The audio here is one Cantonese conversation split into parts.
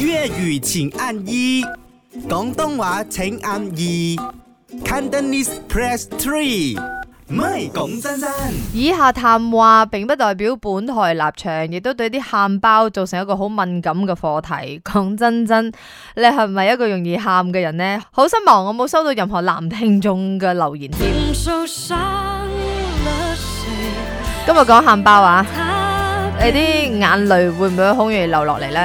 粵語請按一，廣東話請按二，Cantonese press three。唔係講真真，以下談話並不代表本台立場，亦都對啲喊包造成一個好敏感嘅課題。講真真，你係唔係一個容易喊嘅人呢？好失望，我冇收到任何男聽眾嘅留言添。 今日講喊包啊，你啲眼淚會唔會好容易流落嚟呢？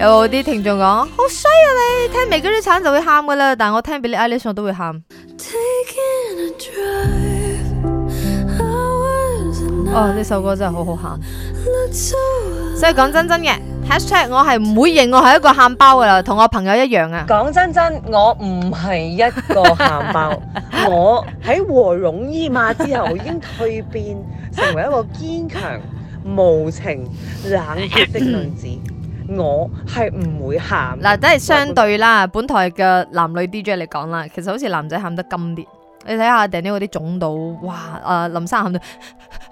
有啲聽眾講，好衰啊你！你聽《m a g g 就會喊噶啦，但我聽《Billie Eilish》上都會喊。 哦，呢首歌真係好好喊。所以講真真嘅，hashtag，我係唔會認我係一個喊包噶啦，同我朋友一樣啊。講真真，我唔係一個喊包， 我喺和容伊瑪之後已經蛻變成為一個堅強、無情、冷血的女子。 我係唔會喊嗱，都係相對啦。本台嘅男女 DJ 嚟講啦，其實好似男仔喊得勁啲。你睇下 Daniel 嗰啲總度，哇！誒、呃，林生喊到～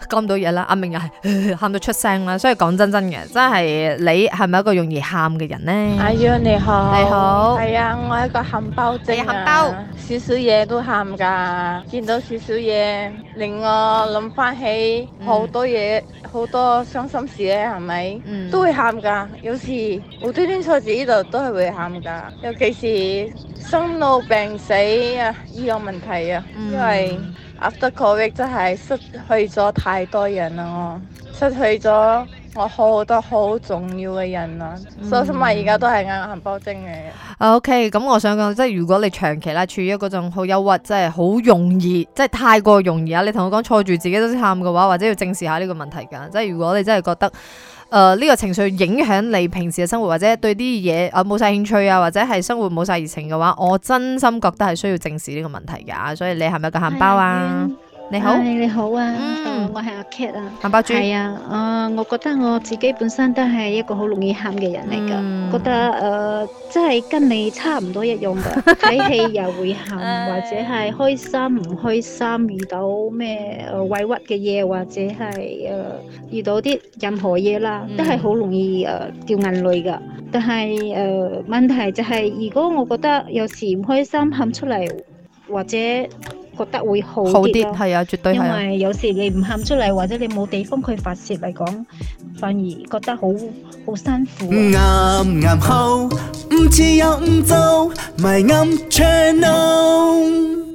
講唔到嘢啦，阿明又係喊到出聲啦，所以講真真嘅，真係你係咪一個容易喊嘅人呢？阿 y 你好，你好，係啊，我係一個喊包仔，啊哎，喊包，少少嘢都喊噶，見到少少嘢令我諗翻起好多嘢，好、嗯、多傷心事咧，啊，係咪？嗯、都會喊噶，有時我天天坐住呢度都係會喊噶，尤其是生老病死啊，依樣問題啊，因為。After COVID 真係失去咗太多人啦喎，我失去咗我好多好重要嘅人啊，所以咪而家都係眼喊包精嘅。啊，OK，咁我想講，即係如果你長期咧處於嗰種好憂鬱，即係好容易，即係太過容易啊！你同我講錯住自己都喊嘅話，或者要正視下呢個問題㗎。即係如果你真係覺得，誒、呃、呢、呢個情緒影響你平時嘅生活，或者對啲嘢啊冇晒興趣啊，或者係生活冇晒熱情嘅話，我真心覺得係需要正視呢個問題㗎。所以你係咪個喊包啊？哎你好、哎，你好啊，嗯哦、我係阿 Cat 啊，係啊，啊、呃，我覺得我自己本身都係一個好容易喊嘅人嚟噶，嗯、覺得誒，即、呃、係跟你差唔多一樣嘅，睇戲又會喊， 哎、或者係開心唔開心，遇到咩委屈嘅嘢，或者係誒、呃、遇到啲任何嘢啦，嗯、都係好容易誒、呃、掉眼淚噶，但係誒、呃、問題就係、是，如果我覺得有時唔開心，喊出嚟或者。覺得會好啲，啊，係啊，絕對係，啊。因為有時你唔喊出嚟，或者你冇地方去發泄嚟講，反而覺得好好辛苦，啊。啱啱啱好，唔、嗯、咪、嗯嗯嗯